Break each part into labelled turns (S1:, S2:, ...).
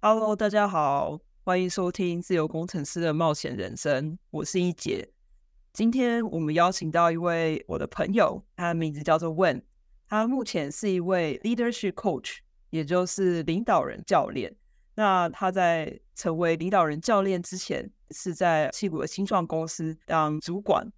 S1: Hello，大家好，歡迎收聽《自由工程師的冒險人生》。我是一姐。今天我們邀請到一位我的朋友，他的名字叫做 Wen，他目前是一位 leadership coach，也就是領導人教練。那他在成為領導人教練之前，是在硅谷的新創公司當主管。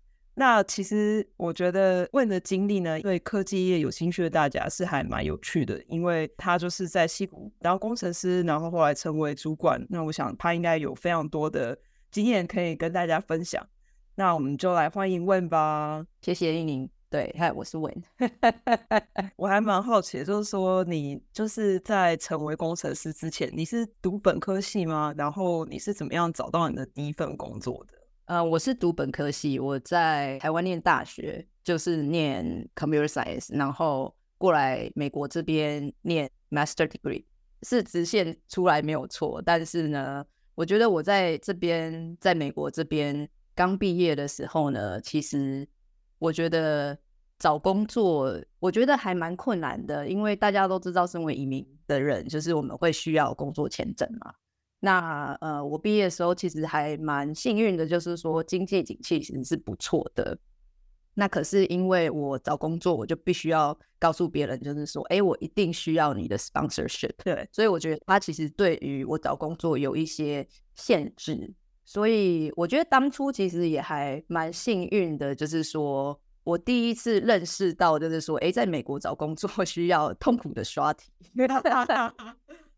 S1: 那其實我覺得 Wen 的經歷呢，對科技業有興趣的大家是還蠻有趣的，因為他就是在矽谷，然後工程師，然後後來成為主管。那我想他應該有非常多的經驗可以跟大家分享。那我們就來歡迎 Wen 吧。謝謝您。對，嗨，我是 Wen 我還蠻好奇，就是說你就是在成為工程師之前，你是讀本科系嗎？然後你是怎麼樣找到你的第一份工作的？呃，我是
S2: 讀本科系，我在台灣念大學，就是念 computer science，然後過來美國這邊念 master degree，是直線出來沒有錯。但是呢，我覺得我在這邊，在美國這邊剛畢業的時候呢，其實我覺得找工作，我覺得還蠻困難的，因為大家都知道，身為移民的人，就是我們會需要工作簽證嘛。那呃，我畢業的時候其實還蠻幸運的，就是說經濟景氣其實是不錯的。那可是因為我找工作，我就必須要告訴別人，就是說，哎，我一定需要你的 sponsorship。對，所以我覺得他其實對於我找工作有一些限制。所以我覺得當初其實也還蠻幸運的，就是說我第一次認識到，就是說，哎，在美國找工作需要痛苦的刷題。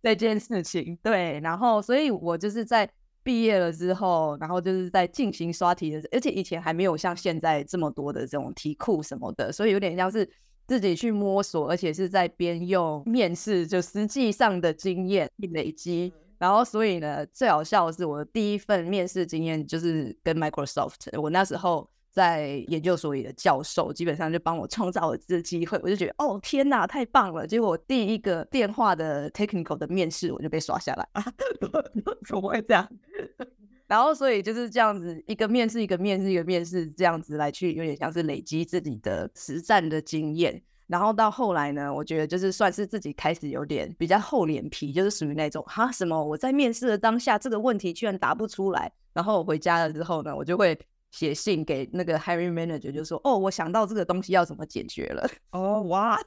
S2: 這件事情，對，然後，所以我就是在畢業了之後，然後就是在進行刷題的時候，而且以前還沒有像現在這麼多的這種題庫什麼的，所以有點像是自己去摸索，而且是在邊用面試就實際上的經驗累積，然後，所以呢，最好笑的是我的第一份面試經驗就是跟 Microsoft，我那時候。在研究所裡的教授基本上就幫我創造了這機會，我就覺得哦，天哪，太棒了！結果我第一個電話的 technical 的面試我就被刷下來啊，怎麼，怎麼會這樣？然後所以就是這樣子一個面試一個面試一個面試這樣子來去，有點像是累積自己的實戰的經驗。然後到後來呢，我覺得就是算是自己開始有點比較厚臉皮，就是屬於那種哈，什麼我在面試的當下這個問題居然答不出來，然後我回家了之後呢，我就會。寫信給那個 hiring manager 就說，哦，我想到這個東西要怎麼解決
S1: 了。哦，哇，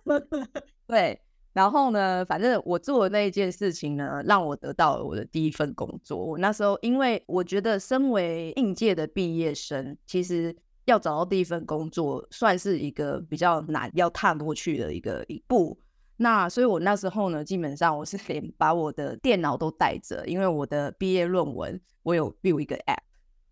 S2: 對，然後呢，反正我做的那一件事情呢，讓我得到了我的第一份工作。我那時候因為我覺得，身為應屆的畢業生，其實要找到第一份工作，算是一個比較難要踏過去的一個一步。那所以，我那時候呢，基本上我是連把我的電腦都帶着，因為我的畢業論文，我有 build 一個 app。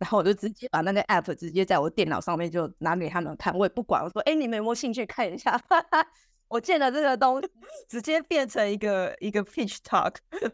S2: 然後我就直接把那個 app 直接在我電腦上面就拿給他們看，我也不管，我說，哎，你們有沒有興趣看一下？哈哈。我建了這個東直接變成一個一個 pitch talk， 對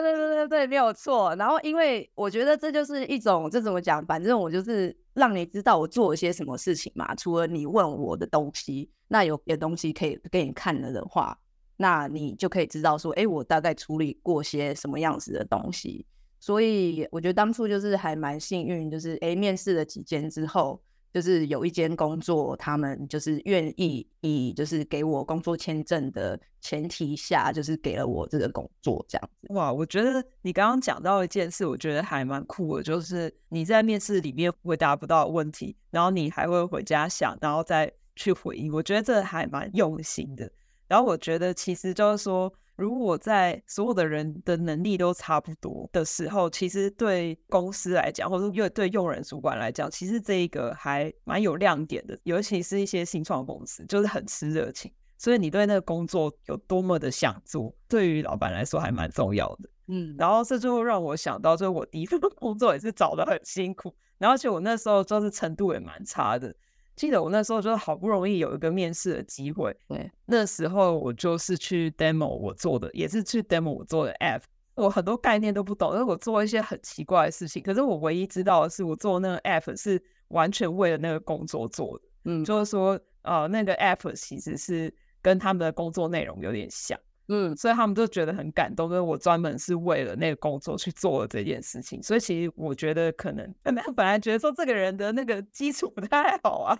S2: 對對對對，沒有錯。然後因為我覺得這就是一種，這怎麼講？反正我就是讓你知道我做了些什麼事情嘛。除了你問我的東西，那有些東西可以給你看了的話，那你就可以知道說，哎，我大概處理過些什麼樣子的東西。所以我覺得當初就是還蠻幸運，就是哎、欸，面試了幾間之後，就是有一間工作，他們就是願意以就是給我工作簽證的前提下，就是給了我這個工作，這樣
S1: 子。哇，我覺得你剛剛講到一件事，我覺得還蠻酷的，就是你在面試裡面回答不到的問題，然後你還會回家想，然後再去回應，我覺得這還蠻用心的。然後我覺得，其實就是說，如果在所有的人的能力都差不多的時候，其實對公司來講，或者又對用人主管來講，其實這一個還蠻有亮點的。尤其是一些新創公司，就是很吃熱情，所以你對那個工作有多麼的想做，對於老闆來說還蠻重要的。嗯，然後這就會讓我想到，就是我第一份工作也是找的很辛苦，然後而且我那時候就是程度也蠻差的。記得我那時候就好不容易有一個面試的機會，對，那時候我就是去 demo 我做的，也是去 demo 我做的 app。我很多概念都不懂，但是我做一些很奇怪的事情。可是我唯一知道的是，我做那個 app 是完全為了那個工作做的。嗯，就是說，呃，那個 app 其實是跟他們的工作內容有點像。嗯，所以他們都覺得很感動，因為我專門是為了那個工作去做了這件事情。所以其實我覺得可能，本來本來覺得說這個人的那個基礎不太好啊，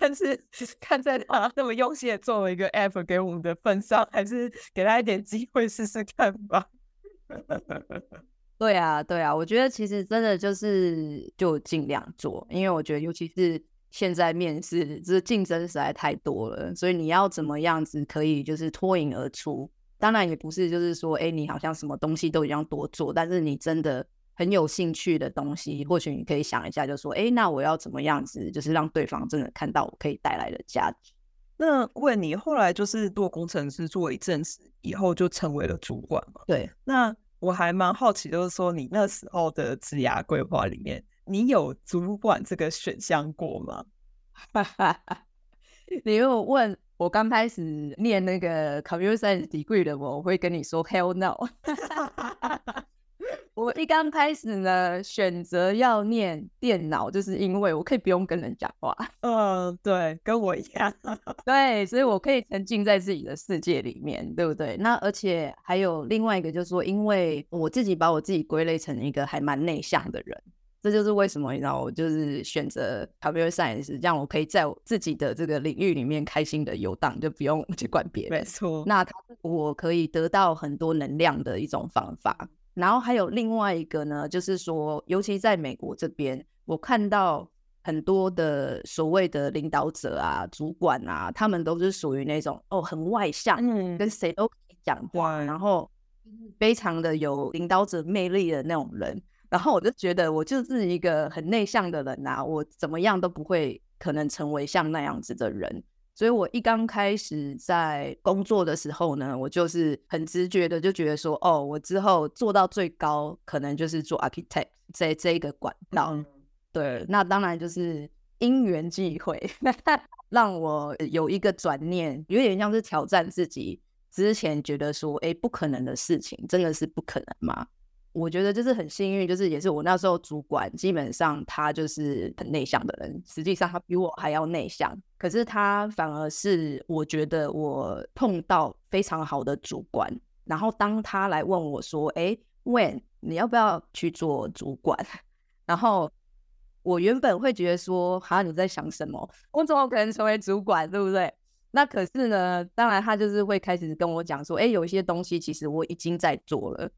S1: 但是看在他、啊、那麼用心的做了一個 app 給我們的份上，還是給他一點機會試試看吧。
S2: 對啊，對啊，我覺得其實真的就是就盡量做，因為我覺得尤其是現在面試，就是競爭實在太多了，所以你要怎麼樣子可以就是脫穎而出。當然也不是，就是說，哎、欸，你好像什麼東西都一樣多做，但是你真的很有興趣的東西，或許你可以想一下，就說，哎、欸，那
S1: 我要怎麼樣子，就是讓對方真的看到我可以帶來的價值。那問你後來就是做工程師做一陣子以後，就成為了主管嗎？對。那我還蠻好奇，就是說你那時候的職涯規劃裡面，你有主管這個選項過嗎？哈哈。
S2: 你如果問我剛開始念那個 computer degree 的我，我會跟你說 hell no。 我一剛開始呢，選擇要念電腦，就是因為我可以不用跟人講話。嗯，oh, 對，跟我一樣。 對，所以我可以沉浸在自己的世界裡面，對不對？那而且還有另外一個，就是說，因為我自己把我自己歸類成一個還蠻內向的人。這就是為什麼，你知道我就是選擇 science 讓我可以在我自己的這個領域裡面開心的遊蕩，就不用去管別人。沒錯，那他我可以得到很多能量的一種方法。然後還有另外一個呢，就是說，尤其在美國這邊，我看到很多的所謂的領導者啊、主管啊，他們都是屬於那種哦，很外向，嗯、跟誰都講話，哇然後非常的有領導者魅力的那種人。然後我就覺得我就是一個很內向的人吶、啊，我怎麼樣都不會可能成為像那樣子的人。所以，我一剛開始在工作的時候呢，我就是很直覺的就覺得說，哦，我之後做到最高，可能就是做 architect 在這，這一個管道。嗯、對，那當然就是因緣際會， 讓我有一個轉念，有點像是挑戰自己之前覺得說，哎，不可能的事情，真的是不可能嗎？我覺得就是很幸運，就是也是我那時候主管，基本上他就是很內向的人，實際上他比我還要內向，可是他反而是我覺得我碰到非常好的主管。然後當他來問我說：“哎，Wen 你要不要去做主管？”然後我原本會覺得說：“哈，你在想什麼？我怎麼可能成為主管，對不對？”那可是呢，當然他就是會開始跟我講說：“哎，有一些東西其實我已經在做了。”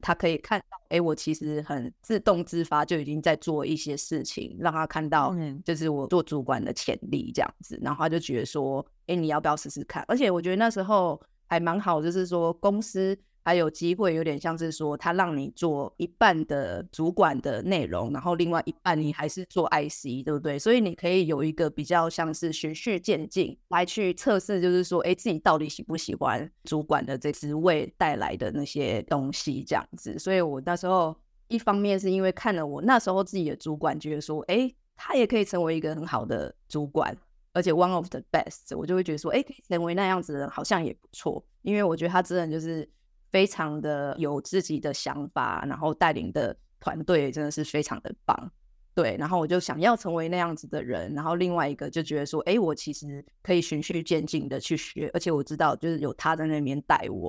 S2: 他可以看到，哎、欸，我其實很自動自發，就已經在做一些事情，讓他看到，就是我做主管的潛力這樣子，然後他就覺得說，誒、欸，你要不要試試看？而且我覺得那時候還蠻好，就是說公司。還有機會，有點像是說，他讓你做一半的主管的內容，然後另外一半你還是做 IC，對不對？所以你可以有一個比較像是循序漸進來去測試，就是說，哎，自己到底喜不喜歡主管的這職位帶來的那些東西，這樣子。所以我那時候一方面是因為看了我那時候自己的主管覺得說，哎，他也可以成為一個很好的主管，而且 one of the best，我就會覺得說，哎，可以成為那樣子的人好像也不錯，因為我覺得他真的就是。非常的有自己的想法，然後帶領的團隊真的是非常的棒，對。然後我就想要成為那樣子的人，然後另外一個就覺得說，哎、欸，我其實可以循序漸進的去學，而且我知道就是有他在那邊帶我，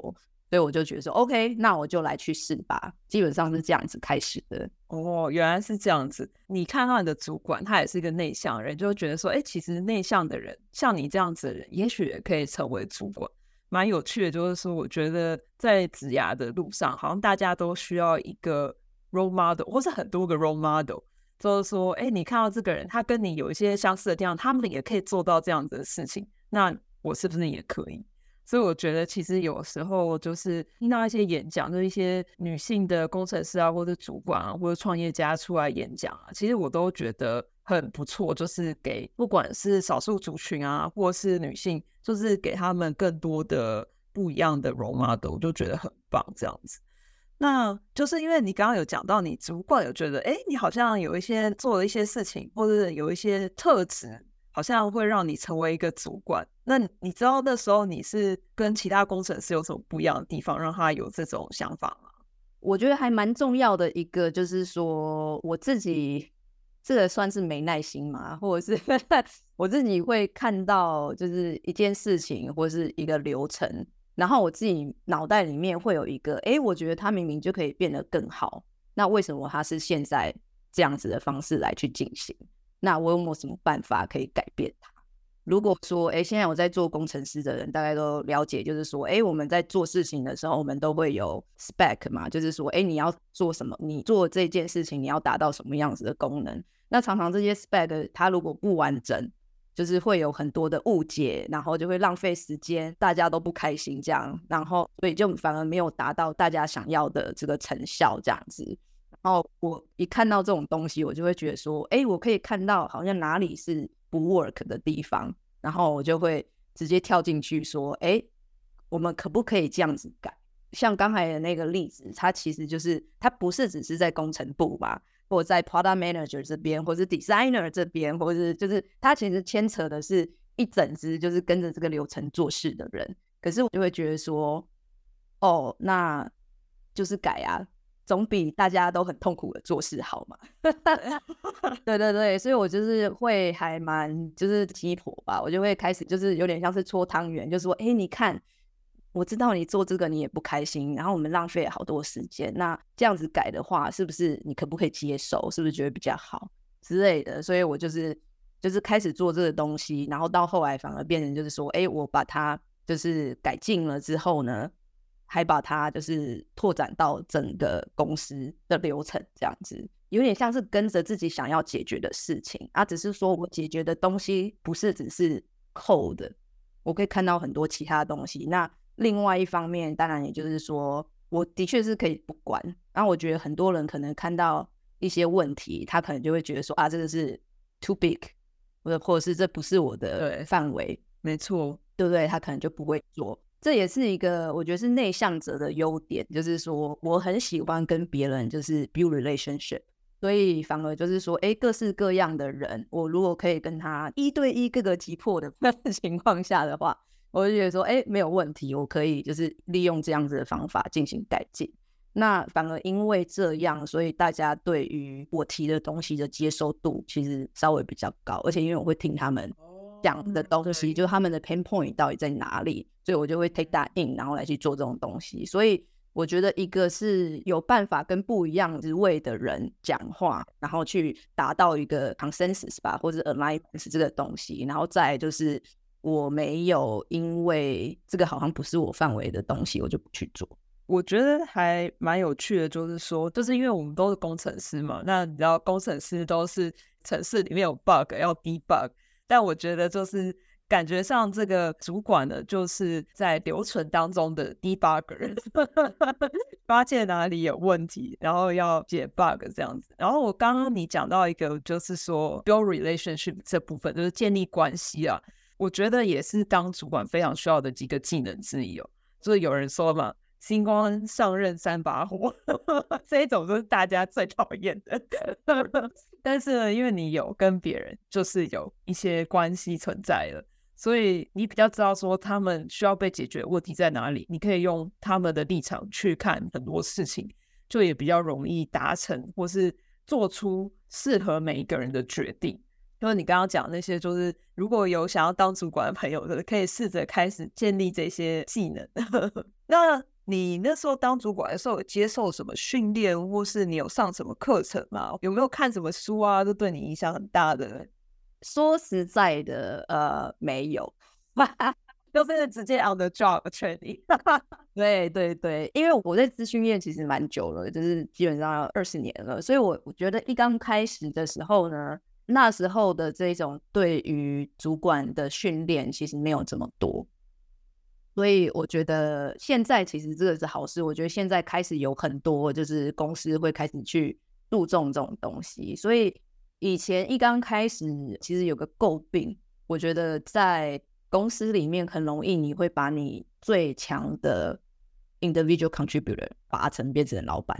S2: 所以我就覺得說，OK，那我就來去試吧。
S1: 基本上是這樣子開始的。哦，原來是這樣子。你看到你的主管，他也是一個內向的人，就覺得說，哎、欸，其實內向的人像你這樣子的人，也許也可以成為主管。蠻有趣的，就是說，我覺得在職涯的路上，好像大家都需要一個 role model，或是很多個 role model，就是說，哎、欸，你看到這個人，他跟你有一些相似的地方，他們也可以做到這樣子的事情，那我是不是也可以？所以我覺得，其實有時候就是聽到一些演講，就一些女性的工程師啊，或者主管啊，或者創業家出來演講啊，其實我都覺得很不錯。就是給不管是少數族群啊，或者是女性，就是給他們更多的不一樣的 role model，我就覺得很棒。這樣子，那就是因為你剛剛有講到，你主管有覺得，哎、欸，你好像有一些做了一些事情，或者有一些特質。好像會讓你成為一個主管。那你知道那時候你是跟其他工程師有什麼不一樣的地方，讓他有這種想法嗎？我覺得還蠻重要的一個，就是說我自己，嗯、這個算是沒耐
S2: 心嘛，或者是 我自己會看到，就是一件事情或是一個流程，然後我自己腦袋裡面會有一個，哎，我覺得他明明就可以變得更好，那為什麼他是現在這樣子的方式來去進行？那我有沒有什麼辦法可以改變它？如果說，哎、欸，現在我在做工程師的人，大概都了解，就是說、欸，我們在做事情的時候，我們都會有 spec 嘛，就是說、欸，你要做什麼，你做這件事情，你要達到什麼樣子的功能？那常常這些 spec 它如果不完整，就是會有很多的誤解，然後就會浪費時間，大家都不開心這樣，然後所以就反而沒有達到大家想要的這個成效這樣子。哦，然後我一看到這種東西，我就會覺得說，哎，我可以看到好像哪裡是不 work 的地方，然後我就會直接跳進去說，哎，我們可不可以這樣子改？像剛才的那個例子，它其實就是它不是只是在工程部吧，或者在 product manager 這邊，或是 designer 這邊，或是就是它其實牽扯的是一整支就是跟着這個流程做事的人。可是我就會覺得說，哦，那就是改啊。總比大家都很痛苦的做事好嘛？ 對對對，所以我就是會還蠻就是雞婆吧，我就會開始就是有點像是搓湯圓，就是說，哎、欸，你看，我知道你做這個你也不開心，然後我們浪費了好多時間，那這樣子改的話，是不是你可不可以接受？是不是覺得比較好之類的？所以我就是就是開始做這個東西，然後到後來反而變成就是說，哎、欸，我把它就是改進了之後呢，還把它就是拓展到整個公司的流程，這樣子有點像是跟着自己想要解決的事情啊。只是說我解決的東西不是只是扣的，我可以看到很多其他東西。那另外一方面，當然也就是說，我的確是可以不管啊。然後我覺得很多人可能看到一些問題，他可能就會覺得說啊，這個是 too big，或者或者是這不是我的範圍，沒錯，對不對，對？他可能就不會做。這也是一個我覺得是內向者的優點，就是說我很喜歡跟別人就是 build relationship，所以反而就是說，哎，各式各樣的人，我如果可以跟他一對一、各個擊破的情況下的話，我就覺得說，哎，沒有問題，我可以就是利用這樣子的方法進行改進。那反而因為這樣，所以大家對於我提的東西的接受度其實稍微比較高，而且因為我會聽他們。講的東西、嗯、就是他們的 pain point 到底在哪裡，所以我就會 take that in，然後來去做這種東西。所以我覺得一個是有辦法跟不一樣職位的人講話，然後去達到一個 consensus 吧，或者 alignment 這個東西。然後再就是我沒有因為這個好像不是我範圍的東西，我就不去做。
S1: 我覺得還蠻有趣的，就是說，就是因為我們都是工程師嘛，那你知道工程師都是程式裡面有 bug 要 debug。但我覺得就是感覺上，這個主管呢，就是在流程當中的 debugger， 發現哪裡有問題，然後要解 bug 這樣子。然後我剛剛你講到一個，就是說 build relationship 這部分，就是建立關係啊，我覺得也是當主管非常需要的幾個技能之一哦。就是有人說嘛，新官上任三把火， 這一種就是大家最討厭的。 但是呢，因為你有跟別人就是有一些關係存在了，所以你比較知道說他們需要被解決問題在哪裡，你可以用他們的立場去看很多事情，就也比較容易達成或是做出適合每一個人的決定。因為你剛剛講那些，就是如果有想要當主管的朋友的，可以試着開始建立這些技能。 那你那時候當主管的時候，有接受什麼訓練，或是你有上什麼課程嗎？有沒有看什麼書啊？都對你影響很大的？說實在的，呃，沒有，真 是直接
S2: on the job training。 對對對，對，因為我在資訊業其實蠻久了，就是基本上要二十年了，所以我我覺得一剛開始的時候呢，那時候的這種對於主管的訓練，其實沒有這麼多。所以我覺得現在其實這個是好事。我覺得現在開始有很多就是公司會開始去注重這種東西。所以以前一剛開始，其實有個詬病，我覺得在公司裡面很容易你會把你最強的。Individual contributor 把阿成變成老闆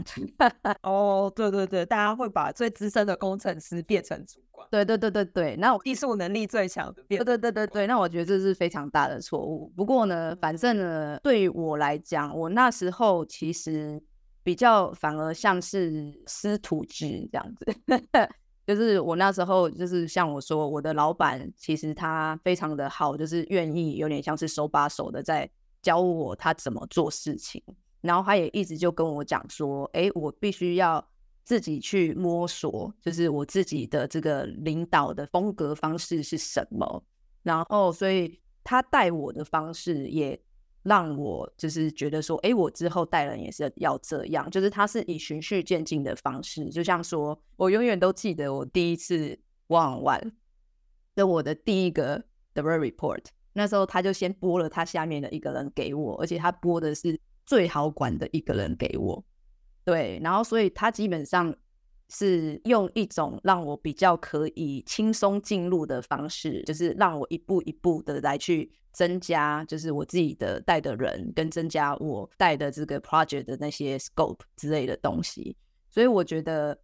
S2: 哦，
S1: oh, 對對對，大家會把最資深的工程師變成主管，對對對
S2: 對對。那我技術能力最強變，對對對對對。那我覺得這是非常大的錯誤。不過呢，反正呢，對於我來講，我那時候其實比較反而像是師徒制這樣子， 就是我那時候就是像我說，我的老闆其實他非常的好，就是願意有點像是手把手的在。教我他怎麼做事情，然後他也一直就跟我講說：“哎，我必須要自己去摸索，就是我自己的這個領導的風格方式是什麼。”然後，所以他帶我的方式也讓我就是覺得說：“哎，我之後帶人也是要這樣。”就是他是以循序漸進的方式，就像說我永遠都記得我第一次 one on one 的我的第一個 direct report。那時候他就先撥了他下面的一個人給我，而且他撥的是最好管的一個人給我。對，然後所以他基本上是用一種讓我比較可以輕鬆進入的方式，就是讓我一步一步的來去增加，就是我自己的帶的人跟增加我帶的這個 project 的那些 scope 之類的東西。所以我覺得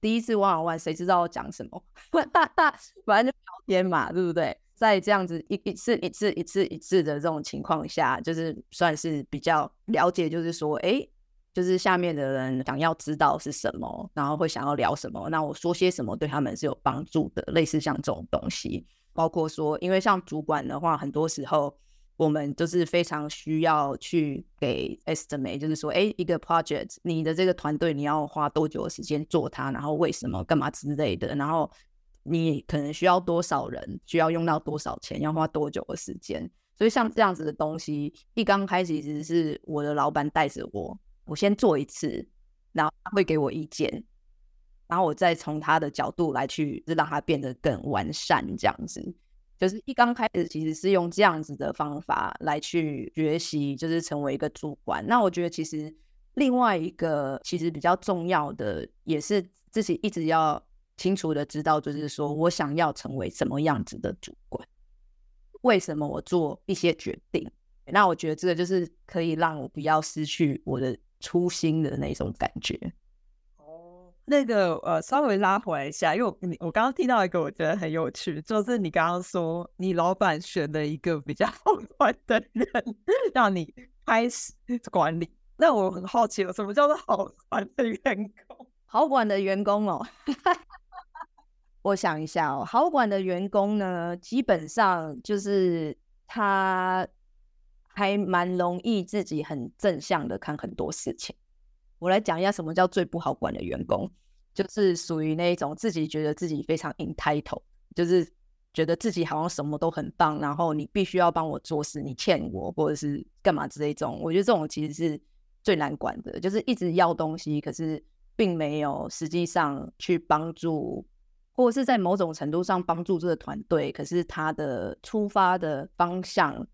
S2: 第一次玩玩玩，誰知道我講什麼？ 大大反正就聊天嘛，對不對？在這樣子一一次一次一次一次的這種情況下，就是算是比較了解，就是說，哎、欸，就是下面的人想要知道是什麼，然後會想要聊什麼，那我說些什麼對他們是有幫助的，類似像這種東西，包括說，因為像主管的話，很多時候我們都是非常需要去給 estimate，就是說，哎、欸，一個 project，你的這個團隊你要花多久的時間做它，然後為什麼幹嘛之類的，然後。你可能需要多少人？需要用到多少錢？要花多久的時間？所以像這樣子的東西，一剛開始其實是我的老闆帶着我，我先做一次，然後他會給我意見，然後我再從他的角度來去，讓他變得更完善。這樣子就是一剛開始其實是用這樣子的方法來去學習，就是成為一個主管。那我覺得其實另外一個其實比較重要的，也是自己一直要。清楚的知道，就是說我想要成為什麼樣子的主管，為什麼我做一些決定？那我覺得這個就是可以讓我不要失去我的初心的那種感覺。
S1: 哦，那個呃，稍微拉回來一下，因為我你我剛剛聽到一個我覺得很有趣，就是你剛剛說你老闆選了一個比較好管的人讓你開始管理。那我很好奇了，什麼叫做好管的員工？好管的員工哦。 我想一下哦，好
S2: 管的員工呢，基本上就是他還蠻容易自己很正向的看很多事情。我來講一下什麼叫最不好管的員工，就是屬於那一種自己覺得自己非常 entitled，就是覺得自己好像什麼都很棒，然後你必須要幫我做事，你欠我或者是幹嘛之類這一種。我覺得這種其實是最難管的，就是一直要東西，可是並沒有實際上去幫助。或者是在某種程度上幫助這個團隊，可是他的出發的方向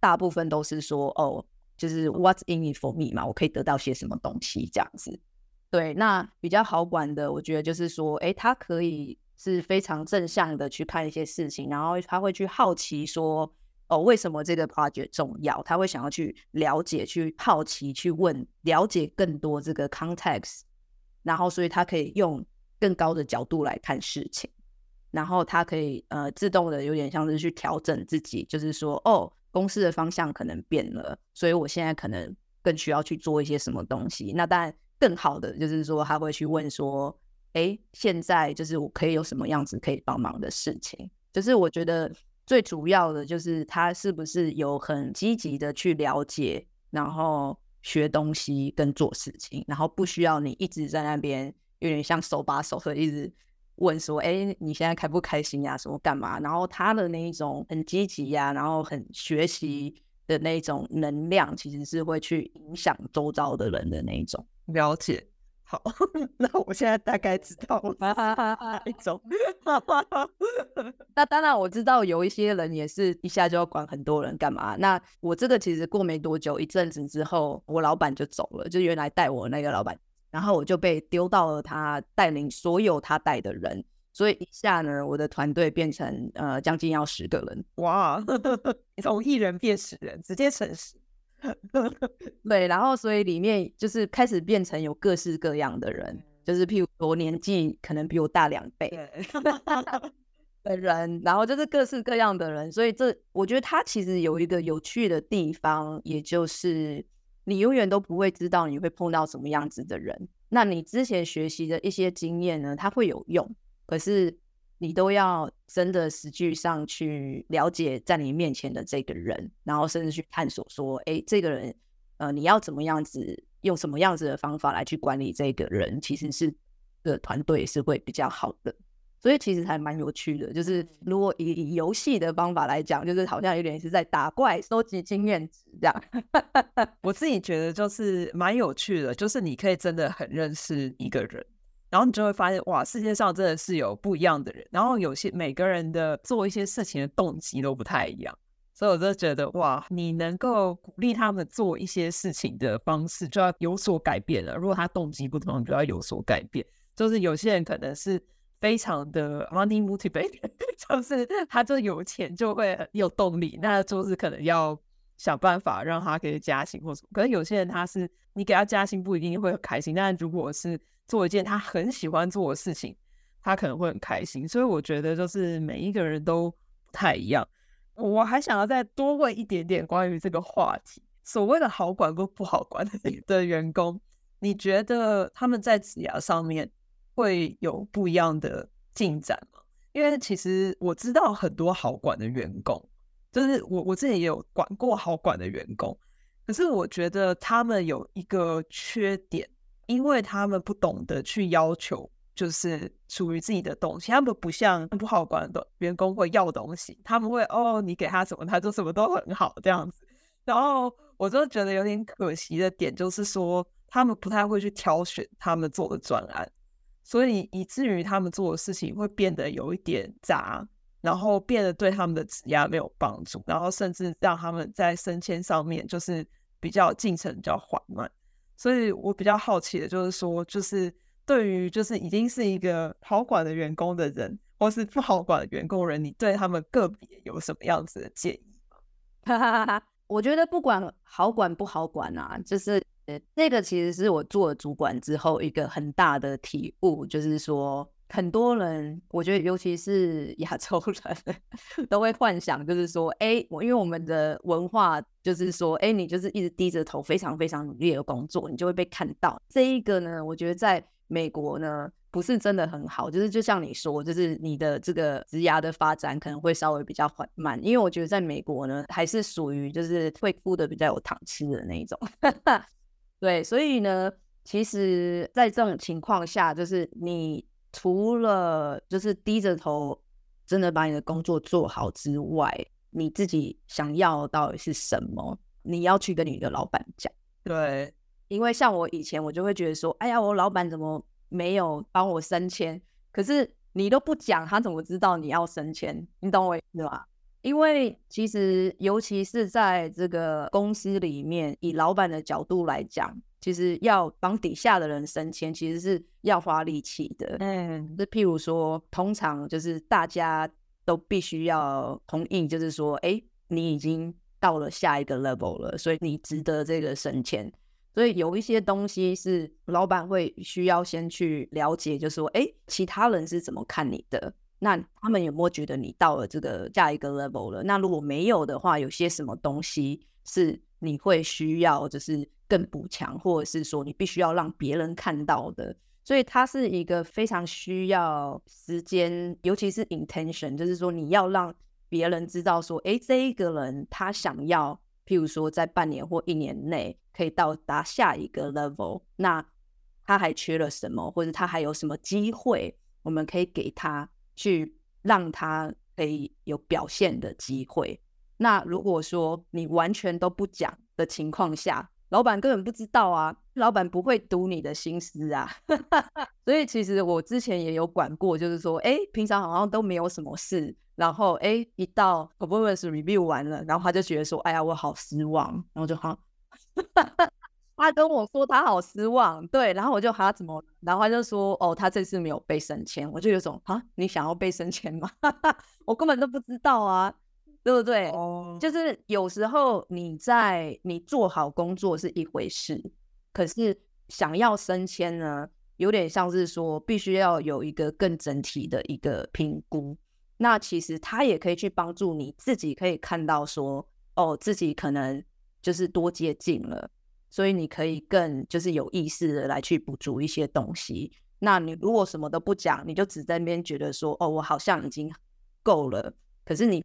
S2: 大部分都是說，哦，就是 what's in it for me 嘛，我可以得到些什麼東西這樣子。對，那比較好管的，我覺得就是說，哎，他可以是非常正向的去看一些事情，然後他會去好奇說，哦，為什麼這個 project 重要？他會想要去了解、去好奇、去問，了解更多這個 context，然後所以他可以用。更高的角度來看事情，然後他可以呃自動的有點像是去調整自己，就是說，哦，公司的方向可能變了，所以我現在可能更需要去做一些什麼東西。那當然更好的就是說他會去問說，哎，現在就是我可以有什麼樣子可以幫忙的事情。就是我覺得最主要的就是他是不是有很積極的去了解，然後學東西跟做事情，然後不需要你一直在那邊。有點像手把手的，一直問說：“哎、欸，你現在開不開心呀、啊？什麼幹嘛？”然後他的那一種很積極呀，然後很學習的那一種能量，其實是會去影響周遭的人的那一種。
S1: 了解。好，
S2: 那我現在大概知道了 哪一種 。 那當然，我知道有一些人也是，一下就要管很多人幹嘛。那我這個其實過沒多久，一陣子之後，我老板就走了，就原來帶我那個老板。然後我就被丟到了他帶領所有他帶的人，所以一下呢，我的團隊變成呃將近要十個人，
S1: 哇，從一人變十人，直接成十，
S2: 對。然後所以裡面就是開始變成有各式各樣的人，就是譬如說我年紀可能比我大兩倍對 的人，然後就是各式各樣的人。所以這我覺得他其實有一個有趣的地方，也就是。你永遠都不會知道你會碰到什麼樣子的人，那你之前學習的一些經驗呢，它會有用。可是你都要真的實際上去了解在你面前的這個人，然後甚至去探索說，哎、欸，這個人，呃，你要怎麼樣子，用什麼樣子的方法來去管理這個人，其實是的團隊是會比較好的。所以其實還蠻有趣的，就是如果以，以遊戲的方法來講，就是好像有點是在打怪、收集經驗值
S1: 這樣。 我自己覺得就是蠻有趣的，就是你可以真的很認識一個人，然後你就會發現哇，世界上真的是有不一樣的人，然後有些每個人的做一些事情的動機都不太一樣。所以我就覺得哇，你能夠鼓勵他們做一些事情的方式就要有所改變了。如果他動機不同，就要有所改變。就是有些人可能是，非常的 money motivated 就是他就有錢就會有動力。那就是可能要想辦法讓他給加薪或什麼。可是有些人他是你給他加薪不一定會很開心，但如果是做一件他很喜歡做的事情，他可能會很開心。所以我覺得就是每一個人都不太一樣。我還想要再多問一點點關於這個話題：所謂的好管和不好管的員工，你覺得他們在職涯上面？會有不一樣的進展嘛，因為其實我知道很多好管的員工，就是我我自己也有管過好管的員工。可是我覺得他們有一個缺點，因為他們不懂得去要求，就是屬於自己的東西。他們不像不好管的員工會要東西，他們會哦，你給他什麼，他做什麼都很好這樣子。然後我就覺得有點可惜的點，就是說他們不太會去挑選他們做的專案。所以以至於他們做的事情會變得有一點雜，然後變得對他們的職涯沒有幫助，然後甚至讓他們在升遷上面就是比較進程比較緩慢。所以我比較好奇的就是說，就是對於就是已經是一個好管的員工的人，或是不好管的員工的人，你對他們個別有什麼樣子的建議？哈哈哈哈， 我覺得不
S2: 管好管不好管啊，就是。這、那個其實是我做了主管之後一個很大的體悟，就是說很多人，我覺得尤其是亞洲人，都會幻想，就是說，哎，我因為我們的文化，就是說，哎，你就是一直低着頭，非常非常努力的工作，你就會被看到。這一個呢，我覺得在美國呢，不是真的很好，就是就像你說，就是你的這個職涯的發展可能會稍微比較緩慢，因為我覺得在美國呢，還是屬於就是會哭的比較有糖吃的那一種。 對，所以呢，其實，在這種情況下，就是你除了就是低着頭，真的把你的工作做好之外，你自己想要到底是什麼，你要去跟你的老板講。對，因為像我以前，我就會覺得說，哎呀，我老板怎麼沒有幫我升遷？可是你都不講，他怎麼知道你要升遷？你懂我意思嗎？因為其實，尤其是在這個公司裡面，以老闆的角度來講，其實要幫底下的人升遷，其實是要花力氣的。嗯，就譬如說，通常就是大家都必須要同意，就是說，哎，你已經到了下一個 level 了，所以你值得這個升遷。所以有一些東西是老闆會需要先去了解，就是說，哎，其他人是怎麼看你的。那他們有沒有覺得你到了這個下一個 level 了？那如果沒有的話，有些什麼東西是你會需要，就是更補強，或者是說你必須要讓別人看到的。所以它是一個非常需要時間，尤其是 intention，就是說你要讓別人知道說，哎、欸，這一個人他想要，譬如說在半年或一年內可以到達下一個 level，那他還缺了什麼，或者他還有什麼機會，我們可以給他。去讓他可以有表現的機會。那如果說你完全都不講的情況下，老板根本不知道啊，老板不會讀你的心思啊。 所以其實我之前也有管過，就是說，哎，平常好像都沒有什麼事，然後哎，一到 performance review 完了，然後他就覺得說，哎呀，我好失望，然後就好。哈 他跟我說他好失望，對，然後我就問他怎麼，然後他就說哦，他這次沒有被升遷，我就有種啊，你想要被升遷嗎？ 我根本都不知道啊，對不對？哦，就是有時候你在你做好工作是一回事，可是想要升遷呢，有點像是說必須要有一個更整體的一個評估。那其實他也可以去幫助你自己，可以看到說哦，自己可能就是多接近了。所以你可以更就是有意識的來去補足一些東西。那你如果什麼都不講，你就只在那邊覺得說，哦，我好像已經夠了。可是你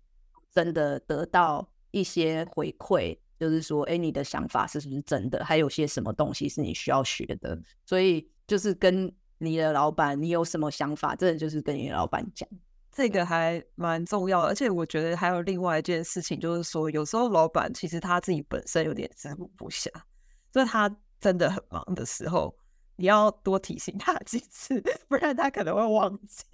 S2: 真的得到一些回饋，就是說，哎，你的想法是不是真的？還有些什麼東西是你需要學的？所以就是跟你的老闆，你有什麼想法，真的就是跟你的老闆講，
S1: 這個還蠻重要，而且我覺得還有另外一件事情，就是說，有時候老闆其實他自己本身有點自顧不暇。所以他真的很忙的時候，你要多提醒他幾次，不然他可能會忘記，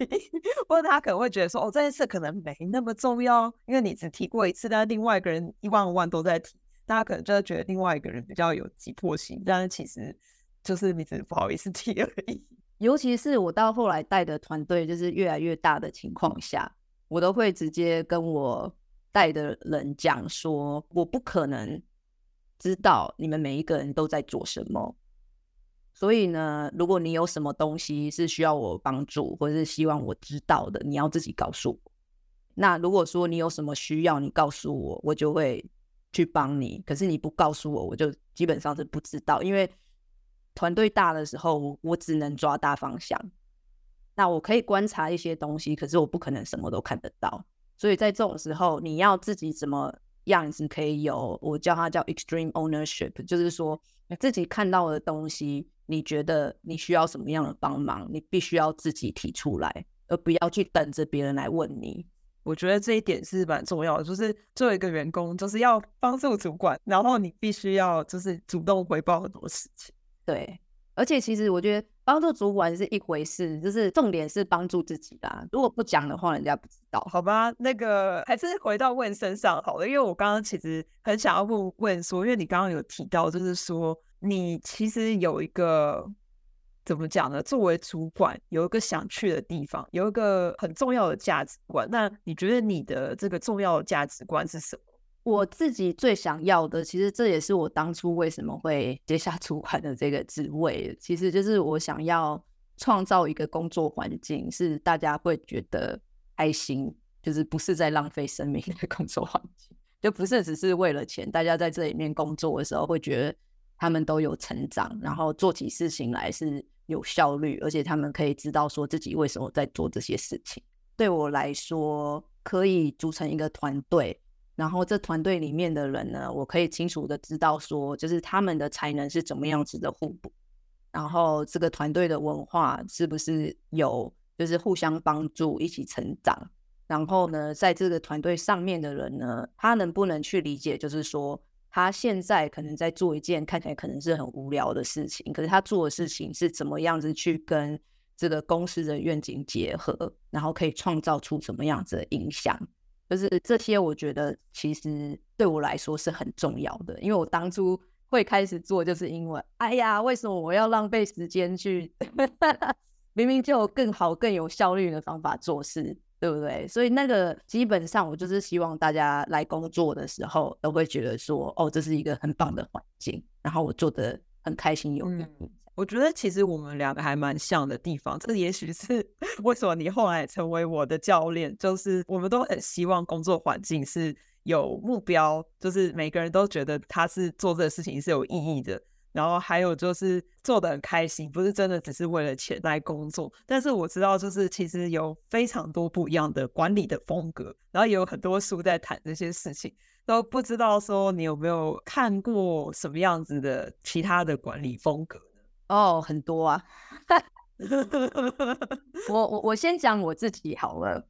S1: 或者他可能會覺得說，哦，這件事可能沒那麼重要，因為你只提過一次，但是另外一個人一萬萬都在提，大家可能就會覺得另外一個人比較有急迫性，但是其實就是你只是不好意思提而已。
S2: 尤其是我到後來帶的團隊就是越來越大的情況下，我都會直接跟我帶的人講說，我不可能。知道你們每一個人都在做什麼，所以呢，如果你有什麼東西是需要我幫助，或是希望我知道的，你要自己告訴我。那如果說你有什麼需要，你告訴我，我就會去幫你。可是你不告訴我，我就基本上是不知道，因為團隊大的時候，我我只能抓大方向。那我可以觀察一些東西，可是我不可能什麼都看得到。所以在這種時候，你要自己怎麼樣子，yeah, 可以有，我叫他叫 extreme ownership，就是說你自己看到的東西，你覺得你需要什麼
S1: 樣的幫忙，你必須要自己提出來，而不要去等着別人來問你。我覺得這一點是蠻重要的，就是作為一個員工，就是要幫助主管，然後你必須要就是主動回報很多事情。對，
S2: 而且其實我覺得。幫助主管是一回事，就是重點是幫助自己啦啊。如果不講的話，人家不知道，好
S1: 吧？那個還是回到 Wen 身上好了，因為我剛剛其實很想要問問說，因為你剛剛有提到，就是說你其實有一個怎麼講呢？作為主管，有一個想去的地方，有一個很重要的價值觀。那你覺得你的這個重要的價值觀是什麼？我自己最想要的，其實這
S2: 也是我當初為什麼會接下主管的這個職位。其實就是我想要創造一個工作環境，是大家會覺得開心，就是不是在浪費生命的工作環境，就不是只是為了錢。大家在這裡面工作的時候，會覺得他們都有成長，然後做起事情來是有效率，而且他們可以知道說自己為什麼在做這些事情。對我來說，可以組成一個團隊。然後這團隊裡面的人呢，我可以清楚的知道說，就是他們的才能是怎麼樣子的互補。然後這個團隊的文化是不是有就是互相幫助、一起成長？然後呢，在這個團隊上面的人呢，他能不能去理解，就是說他現在可能在做一件看起來可能是很無聊的事情，可是他做的事情是怎麼樣子去跟這個公司的願景結合，然後可以創造出什麼樣子的影響？就是這些，我覺得其實對我來說是很重要的。因為我當初會開始做，就是因為，哎呀，為什麼我要浪費時間去， 明明就有更好、更有效率的方法做事，對不對？所以那個基本上，我就是希望大家來工作的時候，都會覺得說，哦，這是一個很棒的環境，然後我做的。很開心有你。
S1: 嗯，我覺得其實我們兩個還蠻像的地方，這也許是為什麼你後來成為我的教練，就是我們都很希望工作環境是有目標，就是每個人都覺得他是做這個事情是有意義的。然後還有就是做的很開心，不是真的只是為了錢來工作。但是我知道，就是其實有非常多不一樣的管理的風格，然後也有很多書在談這些事情。都不知道說你有沒有看過什麼樣子的其他的管理風格呢？哦，很多啊！
S2: 我我我先講我自己好了。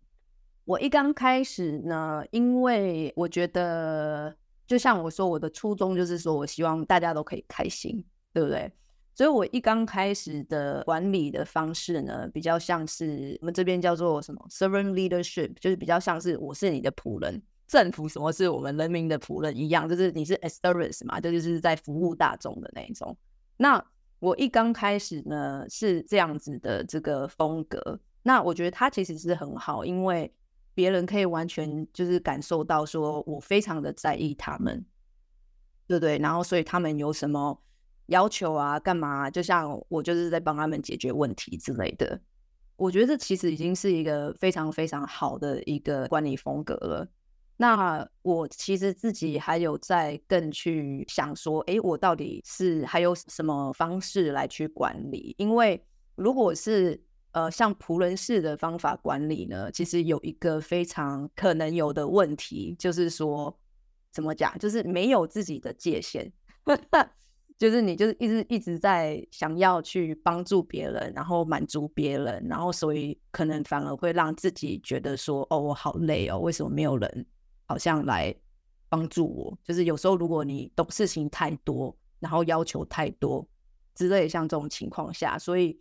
S2: 我一剛開始呢，因為我覺得。就像我說，我的初衷就是說我希望大家都可以開心，對不對？所以我一剛開始的管理的方式呢，比較像是我們這邊叫做什麼 servant leadership，就是比較像是我是你的僕人，政府什麼是我們人民的僕人一樣，就是你是 servant 嘛，這就是在服務大眾的那一種。那我一剛開始呢，是這樣子的這個風格，那我覺得它其實是很好，因為。別人可以完全就是感受到，說我非常的在意他們，對不對？然後所以他們有什麼要求啊，幹嘛啊？就像我就是在幫他們解決問題之類的。我覺得這其實已經是一個非常非常好的一個管理風格了。那我其實自己還有在更去想說，哎，我到底是還有什麼方式來去管理？因為如果是。呃，像僕人式的方法管理呢，其實有一個非常可能有的問題，就是說怎麼講，就是沒有自己的界限， 就是你就是一直一直在想要去幫助別人，然後滿足別人，然後所以可能反而會讓自己覺得說，哦，我好累哦，為什麼沒有人好像來幫助我？就是有時候如果你懂事情太多，然後要求太多之類，像這種情況下，所以。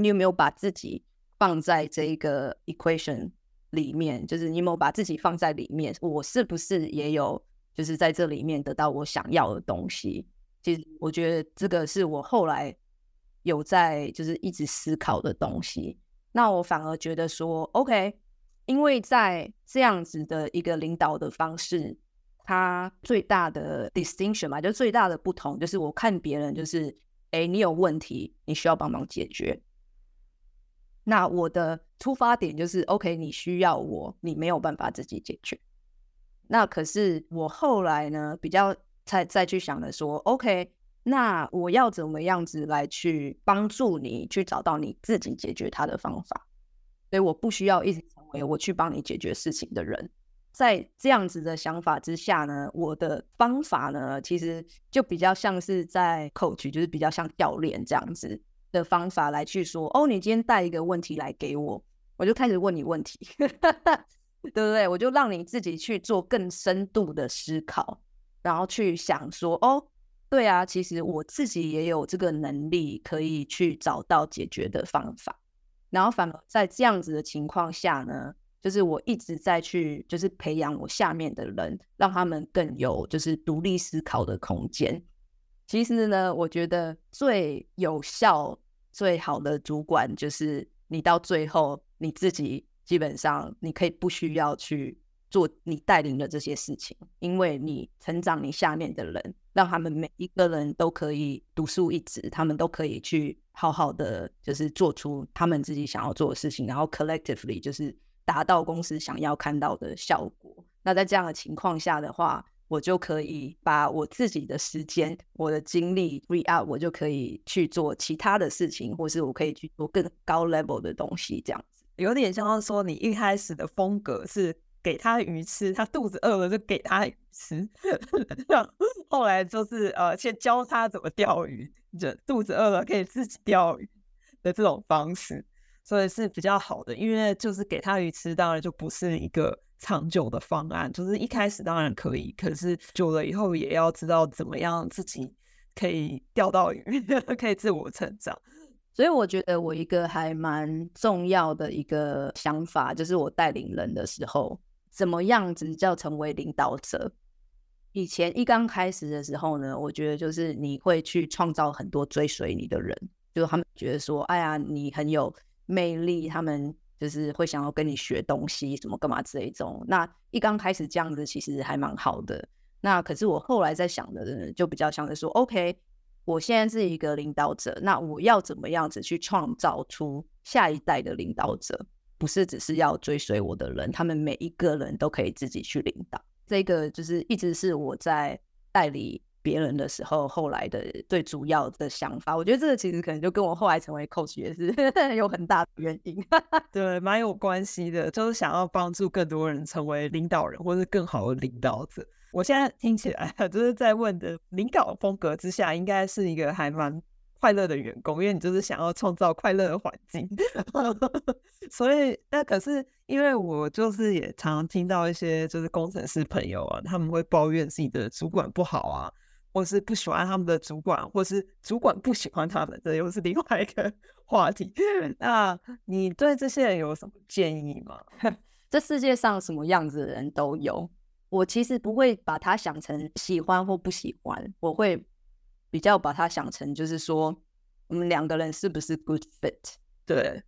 S2: 你有沒有把自己放在這一個 equation 裡面？就是你有沒有把自己放在裡面？我是不是也有，就是在這裡面得到我想要的東西？其實我覺得這個是我後來有在就是一直思考的東西。那我反而覺得說，OK，因為在這樣子的一個領導的方式，他最大的 distinction 嘛，就最大的不同，就是我看別人就是，哎、欸，你有問題，你需要幫忙解決。那我的出發點就是，OK，你需要我，你沒有辦法自己解決。那可是我後來呢，比較才再去想的說，OK，那我要怎麼樣子來去幫助你，去找到你自己解決它的方法。所以我不需要一直成為我去幫你解決事情的人。在這樣子的想法之下呢，我的方法呢，其實就比較像是在 coach，就是比較像教練這樣子。的方法來去說，哦，你今天帶一個問題來給我，我就開始問你問題， 對不對？我就讓你自己去做更深度的思考，然後去想說，哦，對啊，其實我自己也有這個能力，可以去找到解決的方法。然後反而在這樣子的情況下呢，就是我一直在去，就是培養我下面的人，讓他們更有就是獨立思考的空間。其實呢，我覺得最有效、最好的主管就是你到最後你自己，基本上你可以不需要去做你帶領的這些事情，因為你成長你下面的人，讓他們每一個人都可以獨樹一幟，他們都可以去好好的就是做出他們自己想要做的事情，然後 collectively 就是達到公司想要看到的效果。那在這樣的情況下的話。我就可以把我自己的時間、我的精力 free up，我就可以去做其他的事情，或是我可以去
S1: 做更高 level 的東西。這樣子有點像是說，你一開始的風格是給他魚吃，他肚子餓了就給他魚吃， 後來就是呃，先教他怎麼釣魚，就肚子餓了可以自己釣魚的這種方式，所以是比較好的，因為就是給他魚吃，當然就不是一個長久的方案，就是一開始當然可以，可是久了以後也要知道怎麼樣自己可以釣到魚，嗯、 可以自我成長。所以我覺得
S2: 我一個還蠻重要的一個想法，就是我帶領人的時候，怎麼樣子叫成為領導者？以前一剛開始的時候呢，我覺得就是你會去創造很多追隨你的人，就他們覺得說，哎呀，你很有魅力，他們。就是會想要跟你學東西，什麼幹嘛這一種。那一剛開始這樣子，其實還蠻好的。那可是我後來在想的，就比較像是說，OK，我現在是一個領導者，那我要怎麼樣子去創造出下一代的領導者？不是只是要追隨我的人，他們每一個人都可以自己去領導。這個就是一直是我在代理別人的時候，後來的最主要的想法，我覺得這個其實可能就跟我後來成為 coach 也是有很大的原因，
S1: 對，蠻有關係的，就是想要幫助更多人成為領導人或者更好的領導者。我現在聽起來就是在 Wen 的領導風格之下，應該是一個還蠻快樂的員工，因為你就是想要創造快樂的環境。 所以那可是因為我就是也常常聽到一些就是工程師朋友啊，他們會抱怨自己的主管不好啊。或是不喜歡他們的主管，或是主管不喜歡他們的，這又是另外一個話題。那你對這些人有什麼建議嗎？ 這世界上什
S2: 麼樣子的人都有，我其實不會把他想成喜歡或不喜歡，我會比較把他想成就是說，我們兩個人是不是 good fit？對，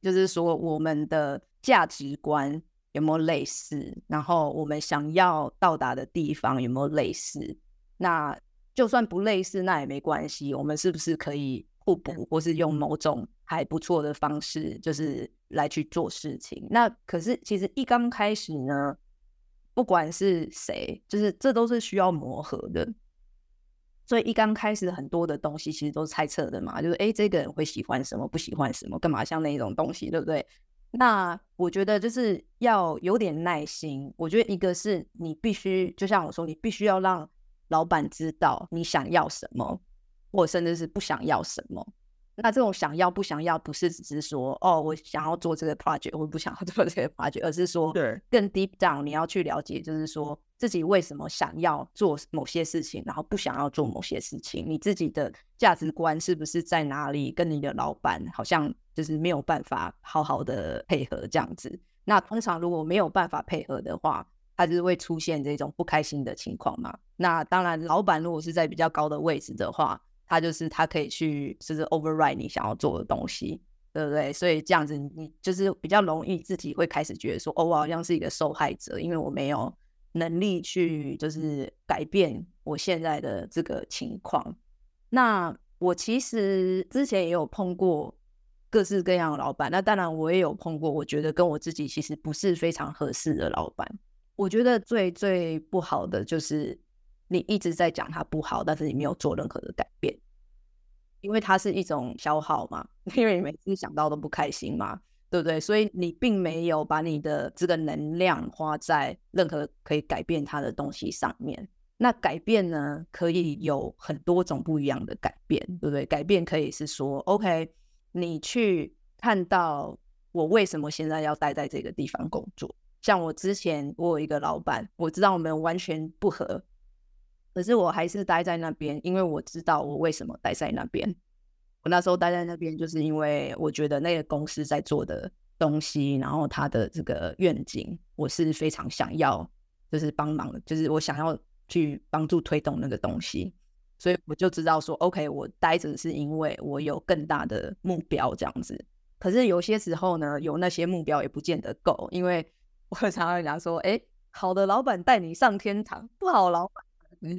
S2: 就是說我們的價值觀有沒有類似，然後我們想要到達的地方有沒有類似。那就算不類似，那也沒關係。我們是不是可以互補，或是用某種還不錯的方式，就是來去做事情？那可是其實一剛開始呢，不管是誰，就是這都是需要磨合的。所以一剛開始很多的東西其實都是猜測的嘛，就是誒，這個人會喜歡什麼，不喜歡什麼，幹嘛像那種東西，對不對？那我覺得就是要有點耐心。我覺得一個是你必須，就像我說，你必須要讓。老闆知道你想要什麼，或甚至是不想要什麼。那這種想要不想要，不是只是說哦，我想要做這個 project，我不想要做這個 project，而是說對更 deep down，你要去了解，就是說自己為什麼想要做某些事情，然後不想要做某些事情。你自己的價值觀是不是在哪裡？跟你的老闆好像就是沒有辦法好好的配合這樣子。那通常如果沒有辦法配合的話，他就是會出現這種不開心的情況嘛？那當然，老闆如果是在比較高的位置的話，他就是他可以去就是 override 你想要做的東西，對不對？所以這樣子你就是比較容易自己會開始覺得說，哦，我好像是一個受害者，因為我沒有能力去就是改變我現在的這個情況。那我其實之前也有碰過各式各樣的老闆，那當然我也有碰過我覺得跟我自己其實不是非常合適的老闆。我覺得最最不好的就是。你一直在講他不好，但是你沒有做任何的改變，因為它是一種消耗嘛，因為你每次想到都不開心嘛，對不對？所以你並沒有把你的這個能量花在任何可以改變他的東西上面。那改變呢，可以有很多種不一樣的改變，對不對？改變可以是說，OK，你去看到我為什麼現在要待在這個地方工作。像我之前，我有一個老板，我知道我們完全不合。可是我還是待在那邊，因為我知道我為什麼待在那邊。我那時候待在那邊，就是因為我覺得那個公司在做的東西，然後他的這個願景，我是非常想要，就是幫忙，就是我想要去幫助推動那個東西。所以我就知道說，OK，我待着是因為我有更大的目標這樣子。可是有些時候呢，有那些目標也不見得夠，因為我常常講說，哎，好的老闆帶你上天堂，不好老闆。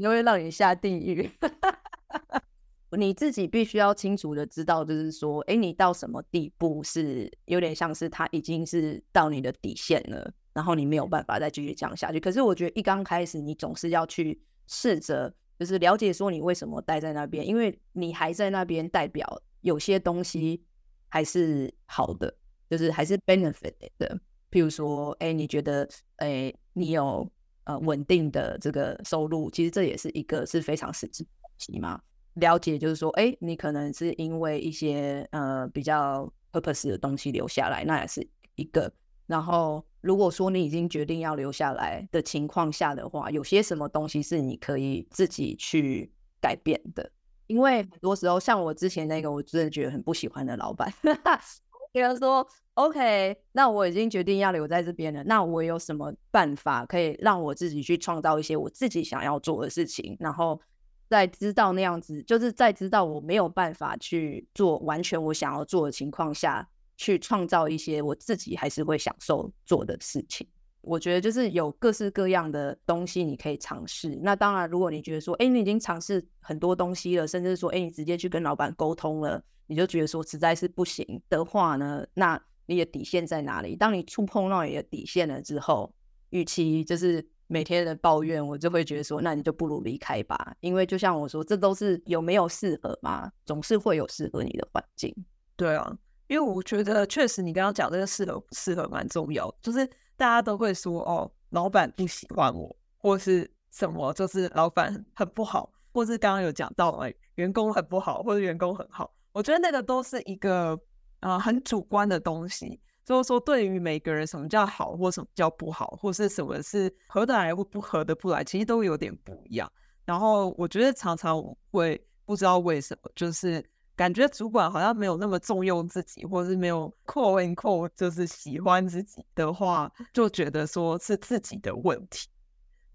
S2: 就會讓你下地獄。 你自己必須要清楚的知道，就是說，哎、欸，你到什麼地步是有點像是他已經是到你的底線了，然後你沒有辦法再繼續這樣下去。可是我覺得一剛開始，你總是要去試着，就是了解說你為什麼待在那邊，因為你還在那邊，代表有些東西還是好的，就是還是 benefit 的。譬如說，哎、欸，你覺得，哎、欸，你有。呃，穩定的這個收入，其實這也是一個是非常實質的東西嘛。了解，就是說，哎，你可能是因為一些呃比較 purpose 的東西留下來，那也是一個。然後，如果說你已經決定要留下來的情況下的話，有些什麼東西是你可以自己去改變的。因為很多時候，像我之前那個，我真的覺得很不喜歡的老闆。 比如說：“OK，那我已經決定要留在這邊了。那我有什麼辦法可以讓我自己去創造一些我自己想要做的事情？然後，在知道那樣子，就是在知道我沒有辦法去做完全我想要做的情況下去創造一些我自己還是會享受做的事情。我覺得就是有各式各樣的東西你可以嘗試。那當然，如果你覺得說，哎、欸，你已經嘗試很多東西了，甚至說，哎、欸，你直接去跟老闆溝通了。”你就覺得說實在是不行的話呢，那你的底線在哪裡？當你觸碰到你的底線了之後，與其就是每天的抱怨，我就會覺得說，那你就不如離開吧。因為就
S1: 像我說，這都是有沒有適合嘛，總是會有適合你的環境。對啊，因為我覺得確實你剛剛講這個適合不適合蠻重要，就是大家都會說哦，老闆不喜歡我，行或是什麼，就是老闆很不好，或是剛剛有講到，哎，員工很不好，或是員工很好。我覺得那個都是一個呃很主觀的東西，就是說，對於每個人什麼叫好或什麼叫不好，或是什麼是合得來或不合得不來，其實都有點不一樣。然後我覺得常常我會不知道為什麼，就是感覺主管好像沒有那麼重用自己，或是沒有 quote unquote 就是喜歡自己的話，就覺得說是自己的問題。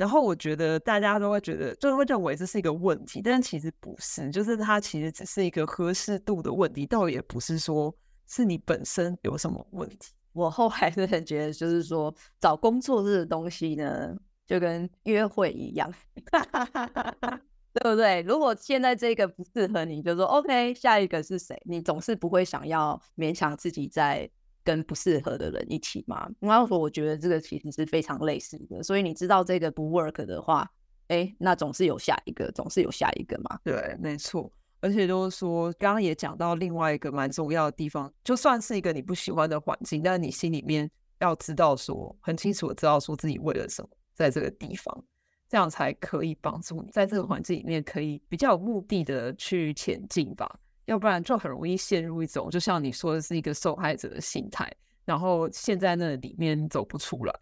S1: 然後我覺得大家都會覺得，就會認為這是一個問題，但是其實不是，就是它其實只是一個合適度的問題，倒也不是說是你本身有什麼問題。我後來是很覺得，就是說找工作
S2: 日的東西呢，就跟約會一樣， 對不對？如果現在這個不適合你，就說 OK，下一個是誰？你總是不會想要勉強自己在。跟不適合的人一起嗎？然後說，我覺得這個其實是非常類似的，所以你知道這個不 work 的話，哎，那總是有下一個，總是有下一個嘛。
S1: 對，沒錯。而且就是說，剛剛也講到另外一個蠻重要的地方，就算是一個你不喜歡的環境，但你心裡面要知道說，很清楚地知道說自己為了什麼在這個地方，這樣才可以幫助你在這個環境裡面可以比較有目的的去前進吧。要不然就很容易陷入一種，就像你說的是一個受害者的心態，然後陷在那裡面走不出來。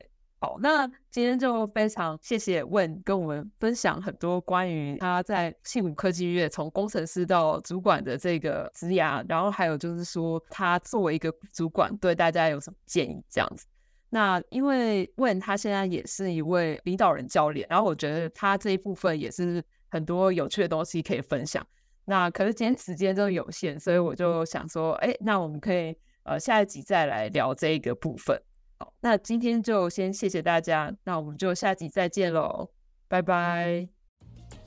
S1: 好，那今天就非常謝謝 Wen 跟我們分享很多關於他在矽谷科技院從工程師到主管的這個職涯，然後還有就是說他作為一個主管對大家有什麼建議這樣子。那因為 Wen 他現在也是一位領導人教練，然後我覺得他這一部分也是很多有趣的東西可以分享。那可是今天時間都有限，所以我就想說，哎、欸，那我們可以呃下一集再來聊這個部分。好，那今天就先謝謝大家，那我們就下集再見嘍，拜拜。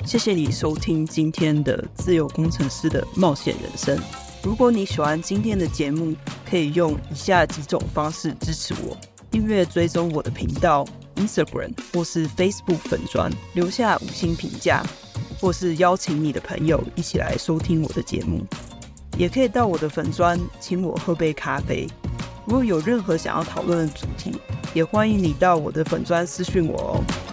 S1: 謝謝你收聽今天的自由工程師的冒險人生。如果你喜歡今天的節目，可以用以下幾種方式支持我：訂閱追蹤我的頻道、Instagram 或是 Facebook 粉專，留下五星評價。或是邀請你的朋友一起來收聽我的節目，也可以到我的粉專請我喝杯咖啡。如果有任何想要討論的主題，也歡迎你到我的粉專私訊我哦。